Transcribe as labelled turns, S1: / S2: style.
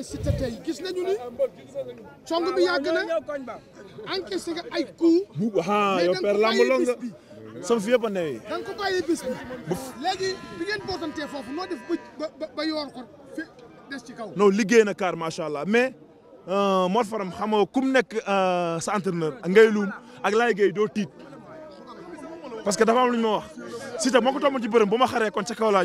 S1: jàppee Siteu tey gis nañu ni cong bi yàgg na encaissé nga ay coups.
S2: bu ah yow père lamb long nga sama fi yëpp a da
S1: nga ko bàyyi bis bi. léegi bi ngeen bootantee foofu noo def ba yoor ko fi kaw. non
S2: liggéey na kaar macha allah mais euh, Mor Faram xam nga ku mu nekk euh, sa entraîneur ngay luum ak laay géey doo tiit. parce que dafa am lu wax Siteu moo ko tombal ci bërëm bu ma xaree kon ca kaw laa